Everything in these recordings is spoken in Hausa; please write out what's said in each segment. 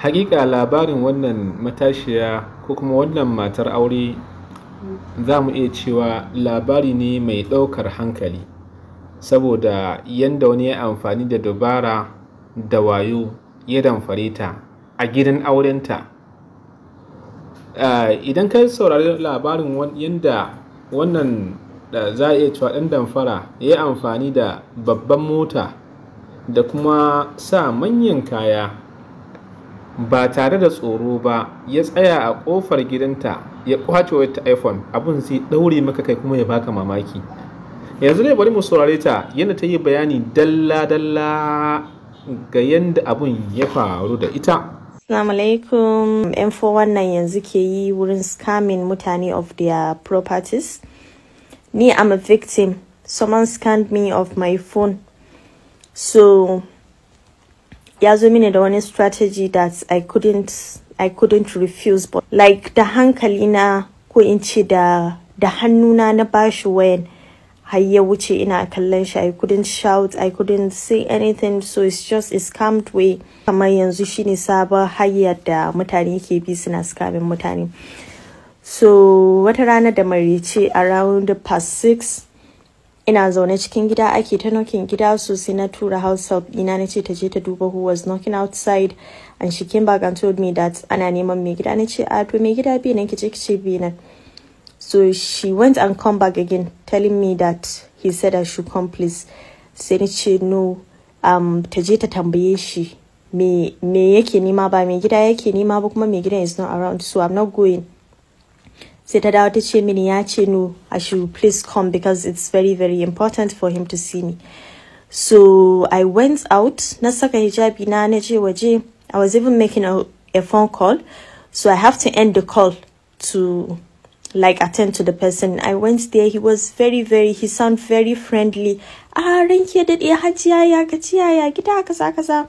Haƙiƙa labarin wannan matashiya ko kuma wannan matar aure za mu iya cewa labari ne mai ɗaukar hankali saboda yadda wani ya amfani da dabara da wayo ya damfare ta a gidan aurenta idan ka saurari labarin yadda wannan da za a iya cewa ɗan damfara ya amfani da babban mota da kuma sa manyan kaya ba tare da tsoro ba ya tsaya a ƙofar gidanta ya kwace wata iphone abin zai ɗaure maka kai kuma ya baka mamaki yanzu ne bari mu saurare ta yana ta yi bayani dalla-dalla ga yadda abun ya faru da ita Assalamu alaikum. M4 wannan yanzu ke yi wurin scamming mutane of their properties. Ni I'm a victim. Someone scammed me of my phone. So ya zo mini da wani strategy that I couldn't I couldn't refuse but like da hankali na ko in ce da da hannuna na bashi wayan har ya wuce ina kallon shi I couldn't shout I couldn't say anything so it's just a scammed way kamar yanzu shine sabon hanyar da mutane ke bi suna scamming mutane so wata rana da marice around past 6 ina zaune cikin gida ake ta nokin gida sosai na tura house help ɗina na ce ta je ta duba who was knocking outside and she came back and told me that ana neman mai gida na ce a to mai gida bi nan kice kice bi nan so she went and come back again telling me that he said I should come please sai ni ce no um, ta je ta tambaye shi me yake nema ba mai gida yake nema ba kuma mai gidan is not around so I'm not going I should please come because it's very, very important for him to see me. So I went out. Nasaka hijabi na waje. I was even making a, a phone call. So I have to end the call to like attend to the person i went there he was very very he sounded very friendly ah ranke da ya hajiya ya gajiya ya gida kaza kaza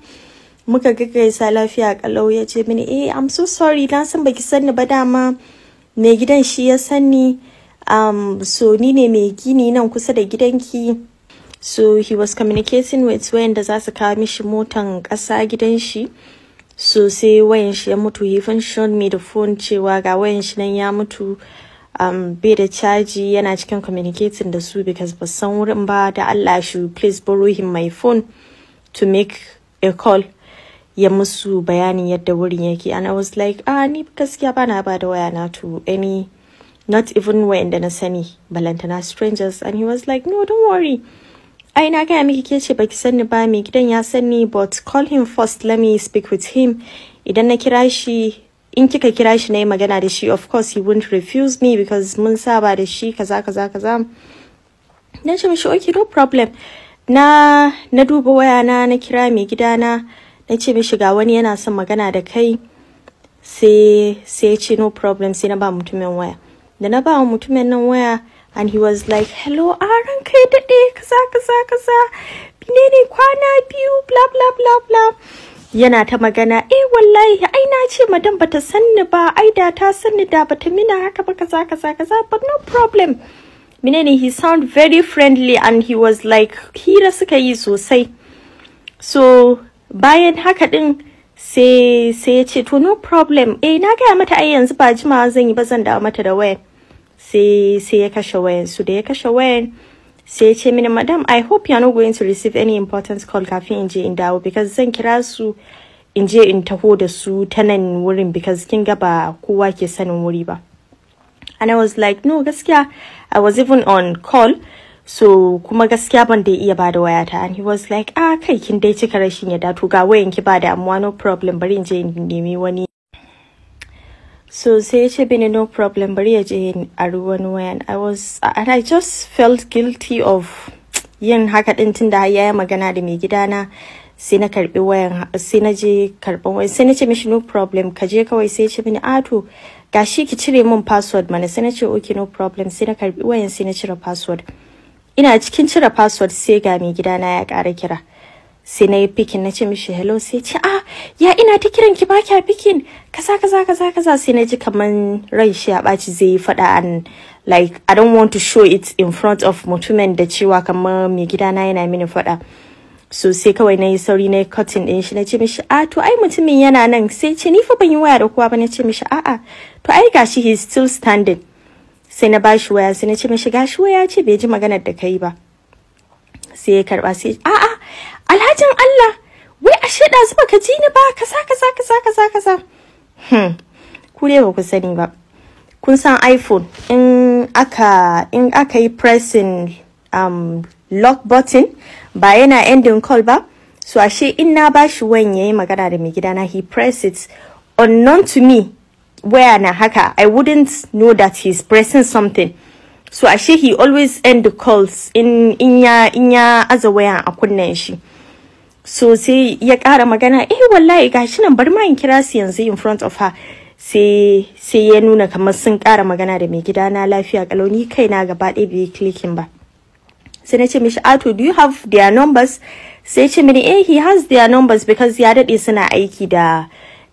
muka gaggaisa lafiya kalau ya ce mini eh i'm so sorry na san baki sani ba dama mai gidan shi ya sani um, so ni ne mai gini nan kusa da gidanki so he was communicating with wayanda za su kawo mishi motan ƙasa gidan shi so sai wayan shi ya mutu he even showed me the phone cewa ga wayan shi nan ya mutu um, bai da caji yana cikin communicating da su because ba san wurin ba da Allah shi please borrow him my phone to make a call ya musu bayanin yadda wurin yake and i was like ah ni gaskiya bana ba da waya na to any not even when na sani balantana strangers and he was like no don't worry ai na kaya miki ke ce baki sani ba me gidan ya sanni but call him first let me speak with him idan na kira shi in kika kira shi na yi magana da shi of course he won't refuse me because mun saba da shi kaza kaza kaza dan ce mishi okay no problem na na duba waya na na kira mai gidana na ce mishi ga wani yana son magana da kai sai sai ce no problem sai na ba mutumin waya da na ba mutumin nan waya and he was like hello aran kai daɗe kaza kaza kaza ne ne kwana biyu bla bla bla bla yana ta magana eh wallahi ai na ce madan bata sanni ba ai da ta sanni da bata mina haka ba kaza kaza kaza but no problem menene he sound very friendly and he was like hira suka yi sosai so bayan haka din sai sai ya ce to no problem eh na gaya mata ai yanzu ba jima. zan yi ba zan dawo mata da wayan sai sai ya kashe wayan su da ya kashe wayan sai ya ce mini madam i hope you are not going to receive any important call kafin in je in dawo because zan kira su in je in taho da su ta nan wurin because kin ga ba kowa ke sanin wuri ba and i was like no gaskiya i was even on call so kuma gaskiya ban da iya bada wayata and he was like ah kai kin dai cika rashin ya to ga wayan ki ba damuwa no problem bari in je in nemi wani so sai ce bini no problem bari ya je in ari wani wayan i was and i just felt guilty of yin haka din tunda ya magana da mai gidana sai na karbi wayan sai na je karban wayan sai na ce mishi no problem ka je kawai sai ce mini ah to gashi ki cire min password mana sai na ce okay no problem sai na karbi wayan sai na cire password ina cikin cire password sai ga mai gidana ya kara kira sai na yi pikin na ce mishi hello sai ce ah ya ina ta kiran ki ba a pikin kaza kaza kaza kaza sai na ji kaman rai shi a ɓaci zai yi faɗa an like i don't want to show it in front of mutumin da cewa kaman mai gidana yana mini faɗa so sai kawai na yi sauri na cotton din shi na ce mishi a ah, to ai mutumin yana nan sai ce ni fa ban yi waya da kowa ba na ce mishi a'a to ai gashi he still standing sai na bashi waya sai na ce shiga shi waya ce bai ji maganar da kai ba sai ya karba sai a'a alhajin Allah wai ashe da zuba ka ji ni ba sa ka sa ka sa hmm ku ba ku sani ba kun san iPhone in aka in aka yi pressing um, lock button ba yana ending call ba so ashe in na bashi wayan yayi magana da mai gidana he press it unknown to me waya na haka i wouldn't know that he's pressing something so ashe he always end the calls in inya ya as a aza wayan a kunnen shi so sai ya kara magana eh wallahi gashi nan bar ma in kira su yanzu in front of her sai sai ya nuna kamar sun kara magana da mai gida na lafiya kalau ni kaina gaba ɗaya bai clicking ba sai na ce mishi ato ah, do you have their numbers sai ce mini eh he has their numbers because ya dade suna aiki da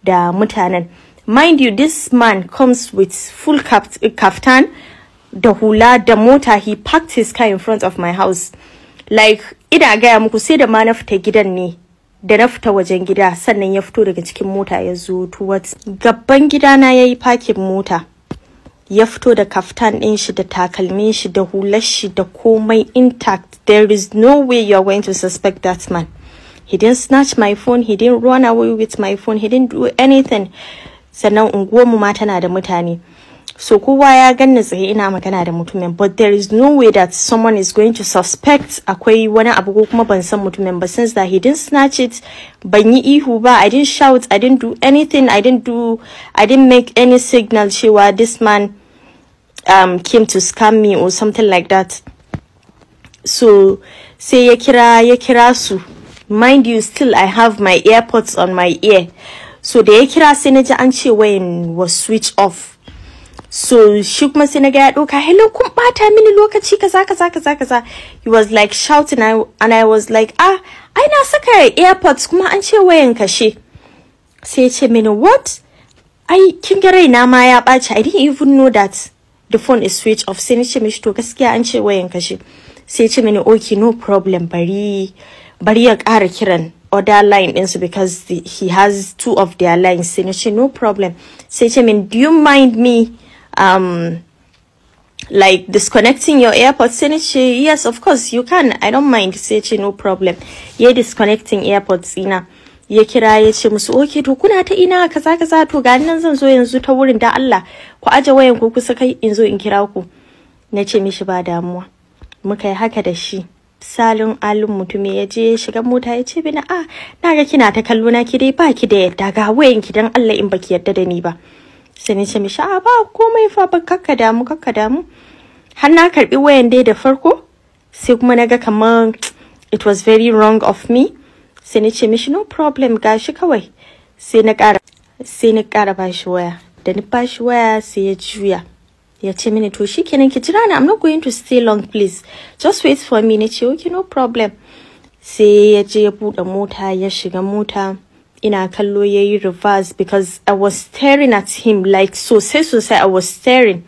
da mutanen mind you this man comes with full uh, kaftan da hula da mota he parked his car in front of my house like ina gaya muku sai da ma na fita gidan ne da na fita wajen gida sannan ya fito daga cikin mota ya zo towards gaban gidana ya yi parking mota ya fito da kaftan ɗin shi da takalmin shi da hular shi da komai intact there is no way you are going to suspect that man he didn't snatch my phone he didn't run away with my phone he didn't do anything sannan unguwarmu ma tana da mutane so kowa ya ganni tsaye ina magana da mutumin but there is no way that someone is going to suspect akwai wani abu ko kuma ban san mutumin ba since that he didn't snatch it ban yi ihu ba i didn't shout i didn't do anything i didn't do i didn't make any signal cewa this man um, came to scam me or something like that so sai ya kira ya kira su mind you still i have my earpods on my ear so da ya kira sai na ji an ce wayan was switch off so shi kuma sai na ga ya ɗauka hello kun bata mini lokaci kaza kaza kaza kaza he was like shouting and I was like ah ai na saka airpods kuma an ce wayan kashe sai ya ce mini what ai kin ga raina ma ya ɓaci I didn't even know that the phone is switch off sai na ce mishi to gaskiya an ce wayan kashe sai ya ce mini okay no problem bari bari ya ƙara kiran other line and so because the, he has two of their lines sai no problem sai ce min do you mind me um, like disconnecting your airpods sai yes of course you can I don't mind sai ce no problem You're disconnecting airpods ina ya kira ya ce musu oke to kuna ta ina kaza kaza to ga nan zan zo yanzu ta wurin da Allah ku aje wayan ku kusa kai in zo in kira ku na ce mishi ba damuwa muka yi haka da shi salin alin mutumi ya je shiga mota ya ce bina a ah, na ga kina ta kallo na ki dai ba ki da yadda ga wayan ki dan Allah in baki yadda da ni ba sai ce mishi a ah, ba komai fa ba kakka damu kakka damu har na karbi wayan dai da farko sai kuma na ga kamar it was very wrong of me sai ni ce mishi no problem Ga shi kawai sai na kara sai na kara bashi waya da ni bashi waya sai ya juya ya ce mini to kenan ki jira ni I'm not going to stay long please just wait for me nace okay no problem sai ya je ya bude mota ya shiga mota ina kallo yayi reverse because I was staring at him like sosai sosai I was staring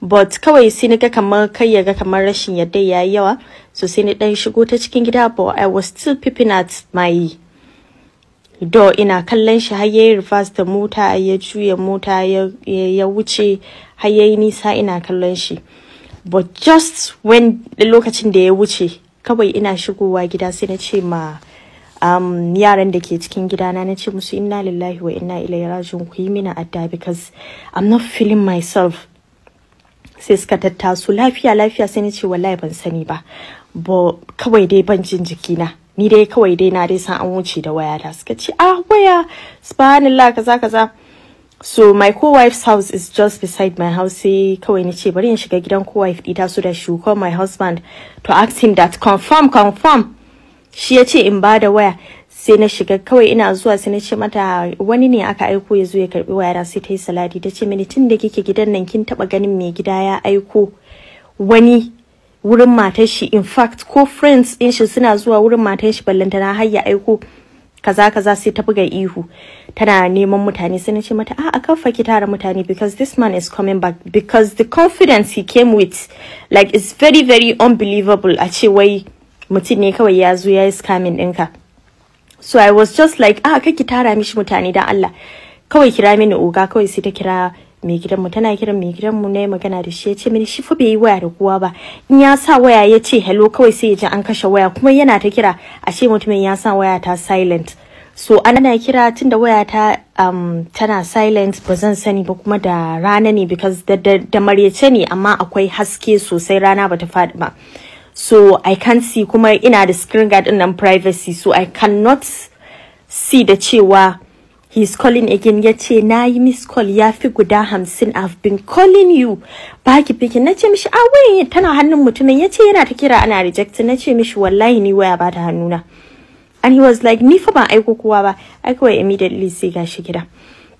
but kawai sai naga kamar kai ya ga kamar rashin yadda yayi yawa so sai ni dan shigo ta cikin gida but I was still peeping at my do ina kallon shi har yayi reverse da mota ya juya mota ya wuce har yayi nisa ina kallon shi but just when lokacin da ya wuce kawai ina shigowa gida sai na ce ma um, yaran da ke cikin gidana na ce musu inna lillahi wa inna ilaihi rajiun ku yi mini adda because i'm not feeling myself sai suka tattaso lafiya lafiya sai na ce wallahi ban sani ba bo kawai dai ban jin jikina ni dai kawai dai na dai san an wuce da waya da suka ce ah waya subhanallah kaza kaza so my co-wife's house is just beside my house sai kawai na ce bari in shiga gidan co-wife ɗita so da shuko call my husband to ask him that confirm confirm shi ya ce in ba da waya sai na shiga kawai ina zuwa sai na ce mata wani ne aka aiko ya zo ya karbi waya da sai ta yi saladi ta ce mini tun da kike gidan nan kin taba ganin mai gida ya aiko wani wurin matan shi in fact ko friends din shi suna zuwa wurin matar shi ballantana har ya aiko kaza kaza sai ta buga ihu tana neman mutane sai na ce mata a'a kan faki tara mutane because this man is coming back because the confidence he came with like it's very very unbelievable a ce wai mutum ne kawai ya zo ya yi scamming dinka. so i was just like a'a kake tara mishi mutane dan Allah kawai kira mini oga kawai sai ta kira mai gidanmu tana kiran mai gidanmu na magana da shi ya ce mini shi fa bai yi waya da kowa ba in ya sa waya ya ce hello kawai sai ya ji an kashe waya kuma yana ta kira a ashe mutumin ya sa waya ta silent so ana kira tunda waya ta um, tana silent ba zan sani ba kuma da rana ne because da, da, da maryace ne amma akwai haske sosai rana ba ta faɗi ba so i can't see kuma ina da screen guard din nan privacy so i cannot see da cewa He's calling again ya ce na yi miss call ya fi guda hamsin I've been calling you. Ba ki na ce mishi a ah, wayan tana hannun mutumin ya ce yana ta kira ana reject na ce mishi wallahi ni waya ba ta hannuna. And he was like ni fa ban aiko kowa ba I kawai immediately sai gashi gida.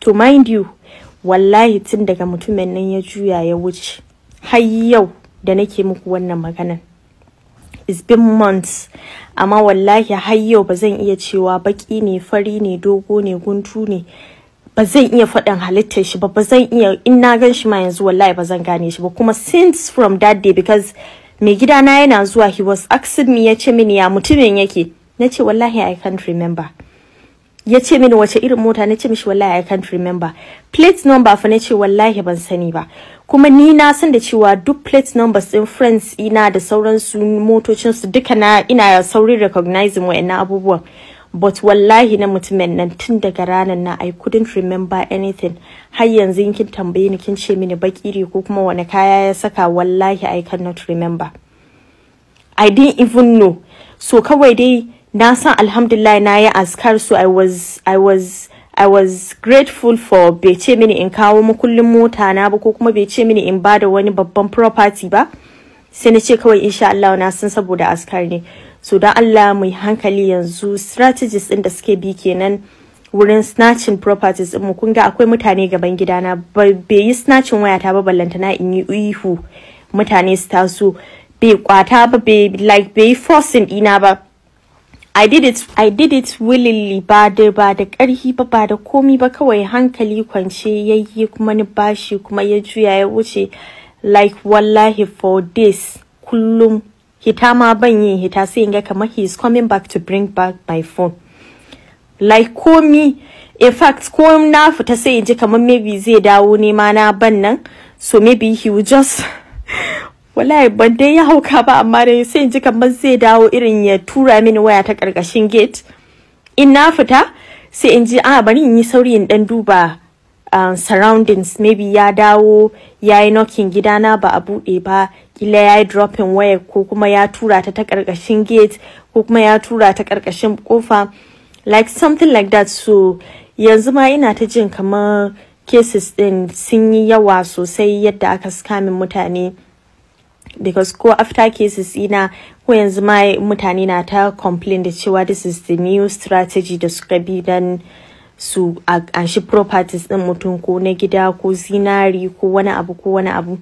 To mind you wallahi tun daga mutumin nan ya juya ya wuce. Har yau da nake muku wannan maganan. it's been months amma wallahi har yau ba zan iya cewa baki ne fari ne dogo ne guntu ne ba zan iya faɗin halittar shi ba ba zan iya in na gan shi ma yanzu wallahi ba zan gane shi ba kuma since from that day because mai na yana zuwa he was asking me ya ce mini ya mutumin yake na ce wallahi i can't remember ya ce mini wace irin mota na ce mishi wallahi I can't remember plate number fa na ce wallahi ban sani ba kuma ni na san da cewa duk plate numbers in friends ina da sauransu motocinsu su duka na ina saurin recognizing wa'annan abubuwan but wallahi na mutumin nan tun daga ranar na I couldn't remember anything har yanzu kin tambaye ni kin ce mini bakire ko kuma wani kaya ya saka wallahi I cannot remember I didn't even know so kawai dai na san alhamdulillah na yi askar so i was i was I was grateful for bai ce mini in kawo makullin mota na ba ko kuma bai ce mini in bada wani babban property ba sai na ce kawai insha Allah na san saboda askar ne so don Allah mai hankali yanzu strategies din da suke bi kenan wurin snatching properties mu kun ga akwai mutane gaban gidana bai yi snatching wayata ba ballantana in yi ihu mutane su taso bai kwata ba bai like bai forcing dina ba I did it I did it willingly ba da ba da ƙarfi ba ba me, komi ba kawai hankali kwance yayye kuma ni bashi kuma ya juya ya wuce like wallahi for this kullum hita ma ban yin hita sai in kamar he is coming back to bring back my phone like komi in fact ko na fita sai in ji kamar maybe zai dawo ne ma na ban nan so maybe he will just wallahi ban dai ya hauka ba amma dai sai in ji kamar zai dawo irin ya tura mini waya ta karkashin gate in na fita sai in ji a ah, bari in yi sauri in dan duba um, surroundings maybe ya dawo ya yi knocking gidana ba a buɗe ba kila ya yi dropping waya ko kuma ya tura ta ta karkashin gate ko kuma ya tura ta karkashin kofa like something like that so yanzu ma ina ta jin kamar cases din sun yi yawa sosai yadda aka scamming mutane because ko after cases ina ko yanzu ma mutane na ta complain da cewa this is the new strategy da suka bi dan su a properties din mutum ko na gida ko zinari ko wani abu ko wani abu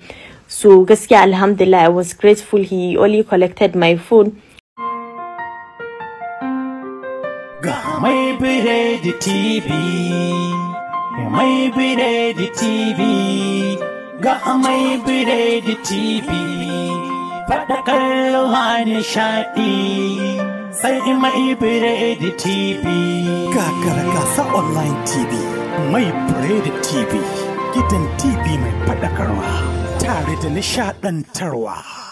so gaskiya alhamdulillah i was grateful he only collected my phone ga mai biredi tv mai biredi tv ga mai biredi tv Faɗakarwa nishaɗi sai mai biredi TV. Kakara gasa online TV, mai biredi TV, gidan TV mai faɗakarwa tare da nishaɗantarwa.